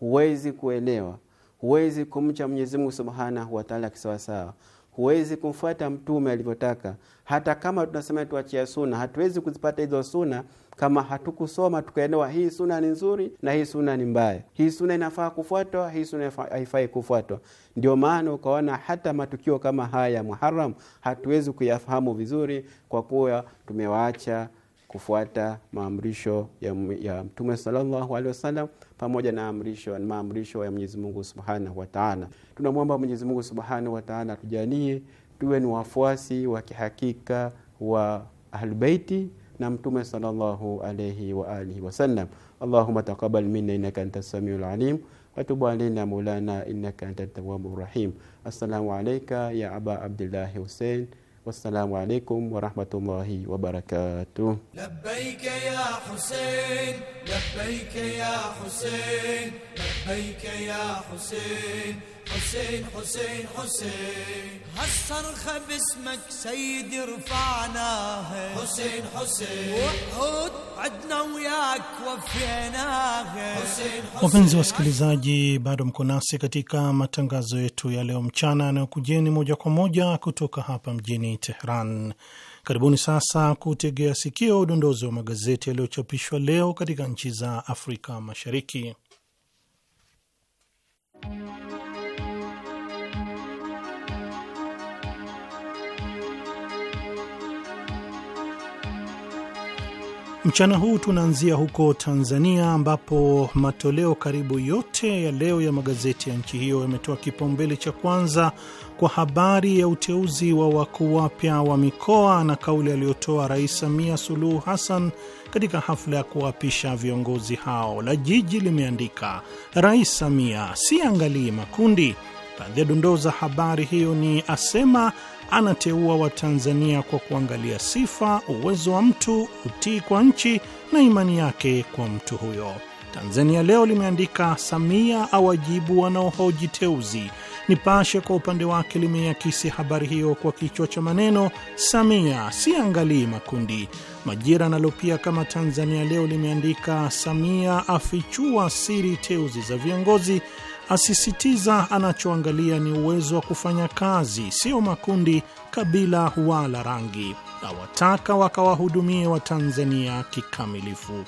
huwezi kuelewa, huwezi kumcha Mwenyezi Mungu Subhanahu wa Ta'ala kisawasawa huwezi kumfuata mtume alivyotaka. Hata kama tunasema tuachia suna, hatuwezi kuzipata hizo suna kama hatukusoma tukaelewa hii suna ni nzuri na hii suna ni mbaya, hii suna inafaa kufuatwa, hii suna haifai kufuatwa. Ndio maana ukaona hata matukio kama haya ya Muharam hatuwezi kuyafahamu vizuri kwa kuwa tumewaacha kufuata maamrisho ya, ya Mtume sallallahu alaihi wasallam pamoja na amrisho na maamrisho ya Mwenyezi Mungu Subhanahu wa Ta'ala. Tunamwomba Mwenyezi Mungu Subhanahu wa Ta'ala atujalie tuwe ni wafuasi wa kihakika wa ahlubeiti na Mtume sallallahu alayhi wa alihi wasallam. Allahumma taqabbal minna innaka antas samiul alim wa tub alaina maulana innaka antat tawwabur rahim. Assalamu alayka ya Aba Abdullah Hussein والسلام عليكم ورحمة الله وبركاته لبيك يا حسين لبيك يا حسين لبيك يا حسين حسين حسين حسين هالصرخة باسمك سيد رفعناها حسين حسين وحود عدنا وياك وفيناها Wapenzi wasikilizaji, bado mko nasi katika matangazo yetu ya leo mchana yanayokujeni moja kwa moja kutoka hapa mjini Teheran. Karibuni sasa kutegea sikio udondozi wa magazeti yaliyochapishwa leo katika nchi za Afrika Mashariki. Mchana huu tunaanzia huko Tanzania ambapo matoleo karibu yote ya leo ya magazeti ya nchi hiyo yametoa kipaumbele cha kwanza kwa habari ya uteuzi wa wakuu wapya wa mikoa na kauli aliyotoa Rais Samia Suluhu Hassan katika hafla ya kuwaapisha viongozi hao. La Jiji limeandika Rais Samia siangalii makundi. Baadhi ya dondoo za habari hiyo ni asema anateua Watanzania kwa kuangalia sifa, uwezo wa mtu, utii kwa nchi na imani yake kwa mtu huyo. Tanzania Leo limeandika Samia awajibu wanaohoji teuzi. Nipashe kwa upande wake limeiakisi habari hiyo kwa kichwa cha maneno Samia siangalii makundi. Majira nalo pia kama Tanzania Leo limeandika Samia afichua siri teuzi za viongozi asisitiza anachoangalia ni uwezo wa kufanya kazi, sio makundi, kabila wala rangi. Awataka wakawahudumie Watanzania kikamilifu.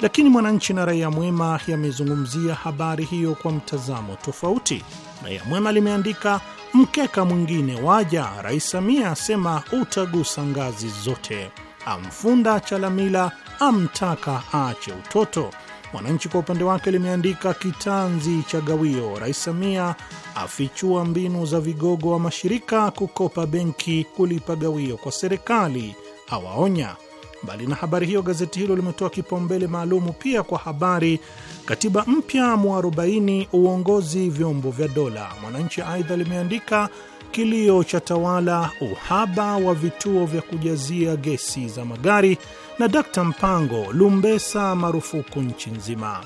Lakini Mwananchi na Raia Mwema yamezungumzia habari hiyo kwa mtazamo tofauti. Raia Mwema limeandika mkeka mwingine waja, Rais Samia asema utagusa ngazi zote, amfunda Chalamila amtaka aache utoto Mwananchi kwa upande wake limeandika kitanzi cha gawio, Rais Samia afichua mbinu za vigogo wa mashirika kukopa benki kulipa gawio kwa serikali, awaonya. Mbali na habari hiyo, gazeti hilo limetoa kipaumbele maalumu pia kwa habari katiba mpya mwarobaini uongozi vyombo vya dola. Mwananchi aidha limeandika kilio cha tawala, uhaba wa vituo vya kujazia gesi za magari na Dkt Mpango lumbesa marufuku nchi nzima.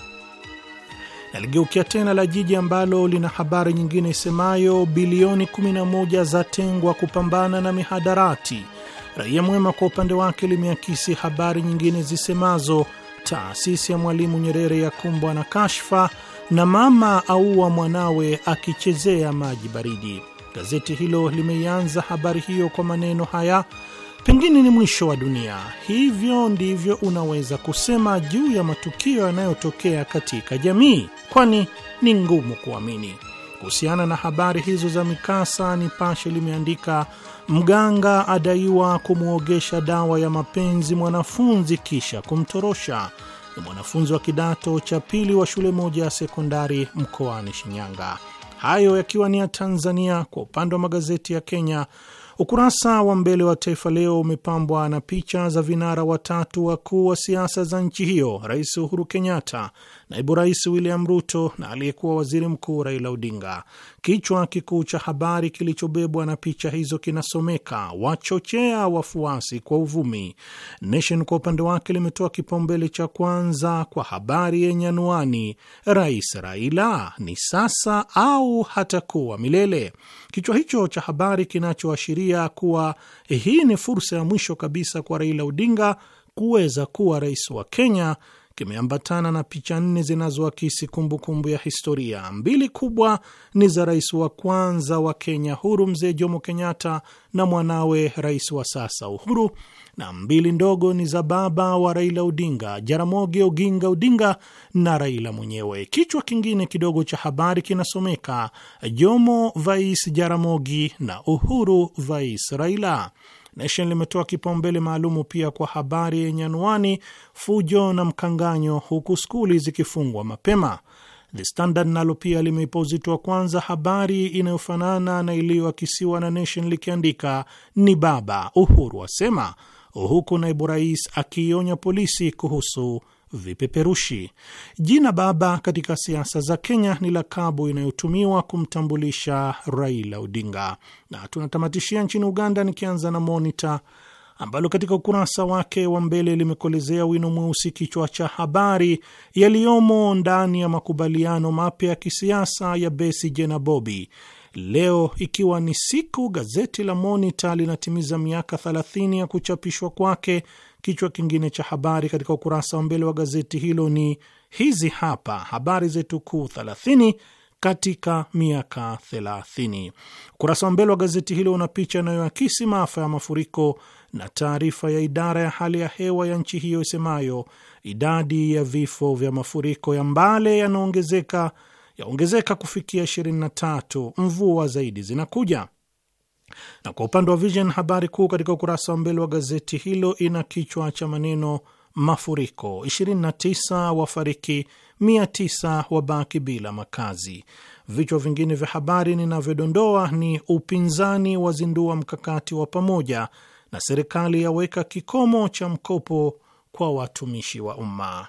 Naligeukia tena la jiji ambalo lina habari nyingine isemayo bilioni 11 za tengwa kupambana na mihadarati. Raia Mwema kwa upande wake limeakisi habari nyingine zisemazo taasisi ya Mwalimu Nyerere ya kumbwa na kashfa na mama aua mwanawe akichezea maji baridi. Gazeti hilo limeianza habari hiyo kwa maneno haya pengine ni mwisho wa dunia. Hivyo ndivyo unaweza kusema juu ya matukio yanayotokea katika jamii, kwani ni ngumu kuamini. Kuhusiana na habari hizo za mikasa, Nipashe limeandika mganga adaiwa kumwogesha dawa ya mapenzi mwanafunzi kisha kumtorosha. Ni mwanafunzi wa kidato cha pili wa shule moja ya sekondari mkoani Shinyanga. Hayo yakiwa ni ya Tanzania. Kwa upande wa magazeti ya Kenya, Ukurasa wa mbele wa Taifa Leo umepambwa na picha za vinara watatu wakuu wa siasa za nchi hiyo: Rais Uhuru Kenyatta, naibu rais William Ruto na aliyekuwa waziri mkuu Raila Odinga. Kichwa kikuu cha habari kilichobebwa na picha hizo kinasomeka wachochea wafuasi kwa uvumi. Nation kwa upande wake limetoa kipaumbele cha kwanza kwa habari yenye anuani Rais Raila ni sasa au hatakuwa milele. Kichwa hicho cha habari kinachoashiria kuwa hii ni fursa ya mwisho kabisa kwa Raila Odinga kuweza kuwa rais wa Kenya kimeambatana na picha nne zinazoakisi kumbukumbu ya historia. Mbili kubwa ni za rais wa kwanza wa Kenya huru Mzee Jomo Kenyatta na mwanawe rais wa sasa Uhuru, na mbili ndogo ni za baba wa Raila Odinga, Jaramogi Oginga Odinga na Raila mwenyewe. Kichwa kingine kidogo cha habari kinasomeka Jomo Vais Jaramogi na Uhuru Vais Raila. Nation limetoa kipaumbele maalumu pia kwa habari yenye anwani fujo na mkanganyo, huku skuli zikifungwa mapema. The Standard nalo pia limeipa uzito wa kwanza habari inayofanana na iliyoakisiwa na Nation likiandika ni baba Uhuru asema, huku naibu rais akiionya polisi kuhusu vipeperushi. Jina baba katika siasa za Kenya ni lakabu inayotumiwa kumtambulisha Raila Odinga. Na tunatamatishia nchini Uganda, nikianza na Monita ambalo katika ukurasa wake wa mbele limekolezea wino mweusi kichwa cha habari yaliyomo ndani ya makubaliano mapya ya kisiasa ya Besigye na Bobi. Leo ikiwa ni siku, gazeti la Monita linatimiza miaka 30 ya kuchapishwa kwake Kichwa kingine cha habari katika ukurasa wa mbele wa gazeti hilo ni hizi hapa habari zetu kuu 30 katika miaka 30. Ukurasa wa mbele wa gazeti hilo una picha inayoakisi maafa ya mafuriko na taarifa ya idara ya hali ya hewa ya nchi hiyo isemayo idadi ya vifo vya mafuriko ya Mbale yanaongezeka yaongezeka kufikia 23, mvua zaidi zinakuja. Na kwa upande wa Vision, habari kuu katika ukurasa wa mbele wa gazeti hilo ina kichwa cha maneno mafuriko 29 wafariki 900 wabaki bila makazi. Vichwa vingine vya habari ninavyodondoa ni upinzani wazindua mkakati wa pamoja na serikali yaweka kikomo cha mkopo kwa watumishi wa umma.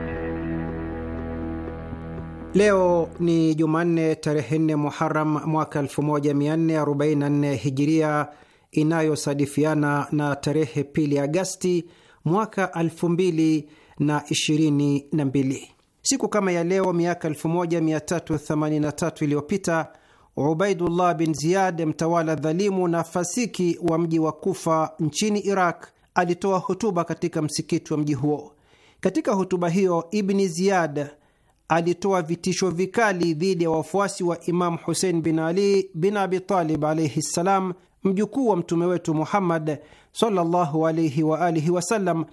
Leo ni Jumanne tarehe nne Muharam mwaka 1444 Hijiria, inayosadifiana na tarehe pili Agasti mwaka 2022. Siku kama ya leo miaka 1383 iliyopita Ubaidullah bin Ziyad, mtawala dhalimu na fasiki wa mji wa Kufa nchini Iraq, alitoa hotuba katika msikiti wa mji huo. Katika hotuba hiyo, Ibni Ziyad alitoa vitisho vikali dhidi ya wafuasi wa Imamu Husein bin Ali bin Abitalib alaihi ssalam, mjukuu wa mtume wetu Muhammad sallallahu alaihi wa alihi wasallam,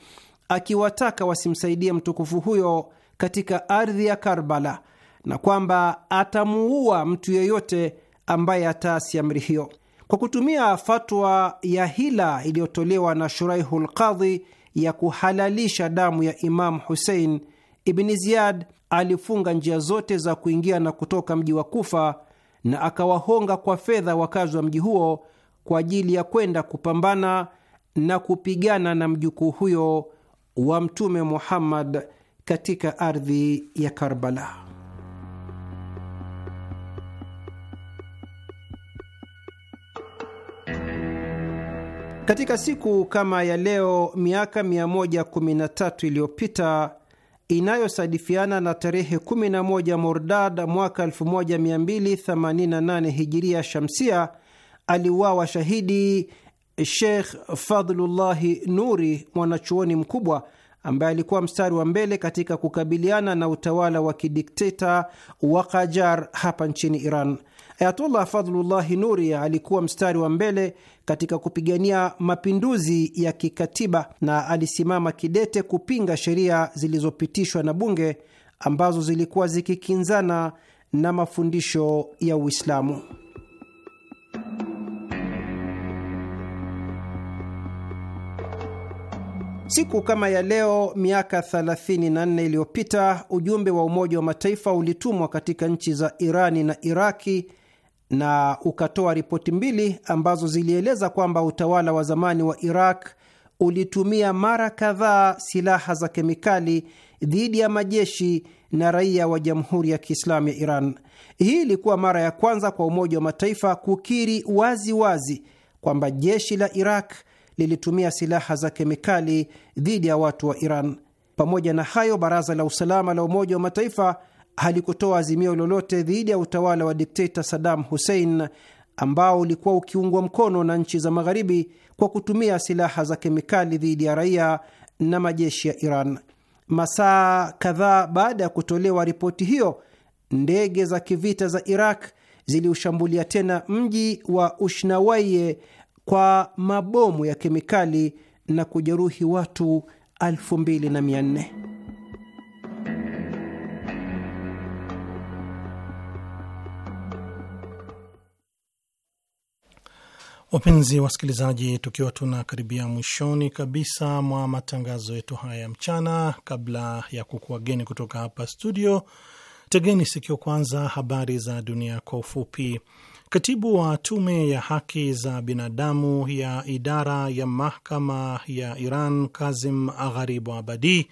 akiwataka wasimsaidie mtukufu huyo katika ardhi ya Karbala na kwamba atamuua mtu yeyote ambaye ataasi amri hiyo. Kwa kutumia fatwa ya hila iliyotolewa na Shuraihu lqadhi ya kuhalalisha damu ya Imamu Husein, Ibni Ziyad alifunga njia zote za kuingia na kutoka mji wa Kufa na akawahonga kwa fedha wakazi wa mji huo kwa ajili ya kwenda kupambana na kupigana na mjukuu huyo wa Mtume Muhammad katika ardhi ya Karbala. Katika siku kama ya leo miaka 113 iliyopita inayosadifiana na tarehe 11 Mordad mwaka 1288 hijiria shamsia, aliuawa shahidi Sheikh Fadlullahi Nuri, mwanachuoni mkubwa ambaye alikuwa mstari wa mbele katika kukabiliana na utawala wa kidikteta wa Kajar hapa nchini Iran. Ayatullah Fadhlullahi Nuri alikuwa mstari wa mbele katika kupigania mapinduzi ya kikatiba na alisimama kidete kupinga sheria zilizopitishwa na bunge ambazo zilikuwa zikikinzana na mafundisho ya Uislamu. Siku kama ya leo miaka 34 iliyopita ujumbe wa Umoja wa Mataifa ulitumwa katika nchi za Irani na Iraki na ukatoa ripoti mbili ambazo zilieleza kwamba utawala wa zamani wa Iraq ulitumia mara kadhaa silaha za kemikali dhidi ya majeshi na raia wa Jamhuri ya Kiislamu ya Iran. Hii ilikuwa mara ya kwanza kwa Umoja wa Mataifa kukiri wazi wazi kwamba jeshi la Iraq lilitumia silaha za kemikali dhidi ya watu wa Iran. Pamoja na hayo, Baraza la Usalama la Umoja wa Mataifa halikutoa azimio lolote dhidi ya utawala wa dikteta Saddam Hussein ambao ulikuwa ukiungwa mkono na nchi za Magharibi kwa kutumia silaha za kemikali dhidi ya raia na majeshi ya Iran. Masaa kadhaa baada ya kutolewa ripoti hiyo, ndege za kivita za Iraq ziliushambulia tena mji wa Ushnawaye kwa mabomu ya kemikali na kujeruhi watu 24 Wapenzi wasikilizaji, tukiwa tunakaribia mwishoni kabisa mwa matangazo yetu haya ya mchana, kabla ya kukuwageni kutoka hapa studio, tegeni sikio kwanza habari za dunia kwa ufupi. Katibu wa tume ya haki za binadamu ya idara ya mahakama ya Iran Kazim Gharibu Abadi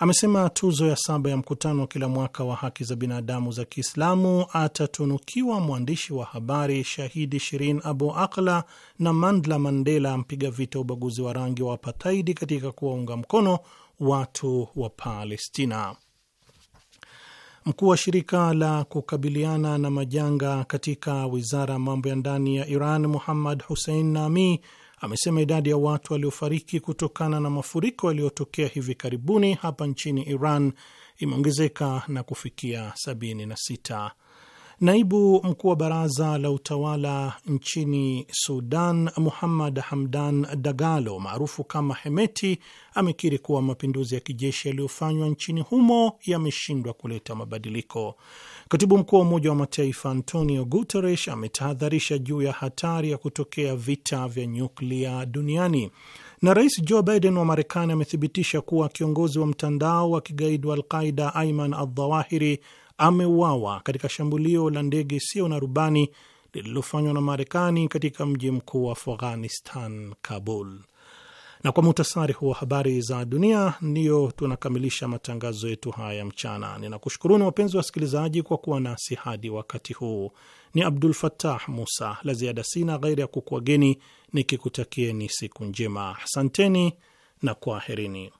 amesema tuzo ya saba ya mkutano wa kila mwaka wa haki za binadamu za Kiislamu atatunukiwa mwandishi wa habari shahidi Shirin Abu Akla na Mandla Mandela, mpiga vita ubaguzi wa rangi wa apataidi katika kuwaunga mkono watu wa Palestina. Mkuu wa shirika la kukabiliana na majanga katika wizara ya mambo ya ndani ya Iran Muhammad Hussein Nami amesema idadi ya watu waliofariki kutokana na mafuriko yaliyotokea hivi karibuni hapa nchini Iran imeongezeka na kufikia 76. Naibu mkuu wa baraza la utawala nchini Sudan, Muhammad Hamdan Dagalo maarufu kama Hemeti, amekiri kuwa mapinduzi ya kijeshi yaliyofanywa nchini humo yameshindwa kuleta mabadiliko. Katibu mkuu wa Umoja wa Mataifa Antonio Guterres ametahadharisha juu ya hatari ya kutokea vita vya nyuklia duniani na Rais Joe Biden wa Marekani amethibitisha kuwa kiongozi wa mtandao wa kigaidi wa Alqaida Aiman Aldhawahiri ameuawa katika shambulio la ndege isiyo na rubani lililofanywa na Marekani katika mji mkuu wa Afghanistan, Kabul. Na kwa muhtasari huwa habari za dunia, ndiyo tunakamilisha matangazo yetu haya mchana. Ninakushukuruni wapenzi wa wasikilizaji kwa kuwa nasi hadi wakati huu. Ni Abdul fatah Musa. La ziada sina ghairi ya kukuageni nikikutakieni siku njema. Asanteni na kwaherini.